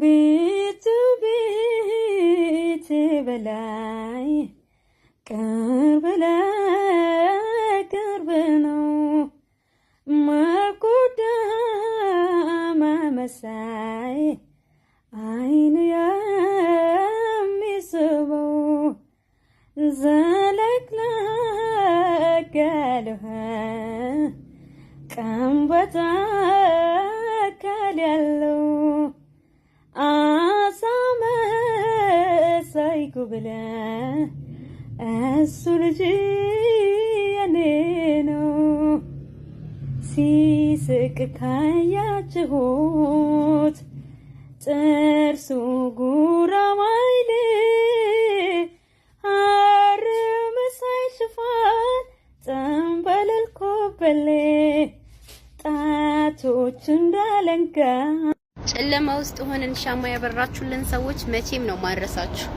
ቤቱ ቤት በላይ ቅርብ ለቅርብ ነው ማቆዳማ መሳይ አይን የሚስበው ዘለቅላቅ ያለህ ቀን ያለው ብለህ እሱ ልጅ የኔ ነው ሲስቅ ካያችሁት ጥርሱ ጉራማ አይል ሐር መሳይ ሽፋን ጠንበለልኮበሌ ጣቶች እንዳለንጋ ጨለማ ውስጥ ሆነን ሻማ ያበራችሁልን ሰዎች መቼም ነው ማድረሳችሁ።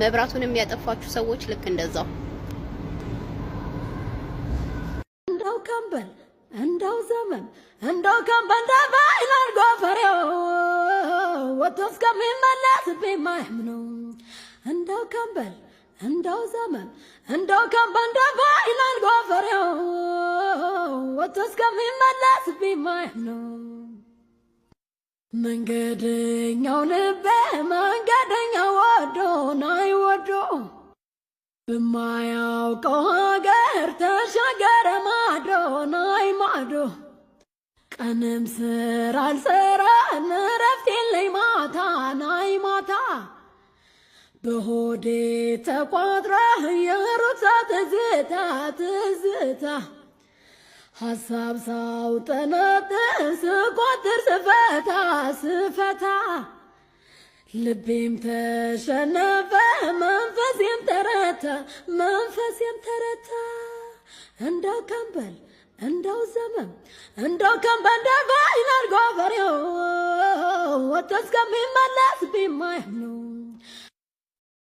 መብራቱን የሚያጠፋችሁ ሰዎች ልክ እንደዛው እንዳው ቀንበል እንዳው ዘመን እንዳው ቀንበል ተባይላል ጎፈሬው ወጥቶ እስከሚመለስ ቢማይም ነው እንዳው ቀንበል እንዳው ዘመን እንዳው ቀንበል ተባይላል ጎፈሬው ወጥቶ እስከሚመለስ ቢማይም ነው መንገደኛው ልቤ በማያውቀው ሀገር ተሻገረ ማዶ ናይ ማዶ ቀንም ስራ አልሰራ እረፍት የለኝ ማታ ናይ ማታ በሆዴ ተቋጥረ የሩት ትዝታ ትዝታ ሀሳብ ሳውጠነጥ ልቤም ተሸነፈ፣ መንፈሴም ተረታ፣ መንፈሴም ተረታ። ከንበል ከንበል ወጥቶ እስከሚመለስ ነው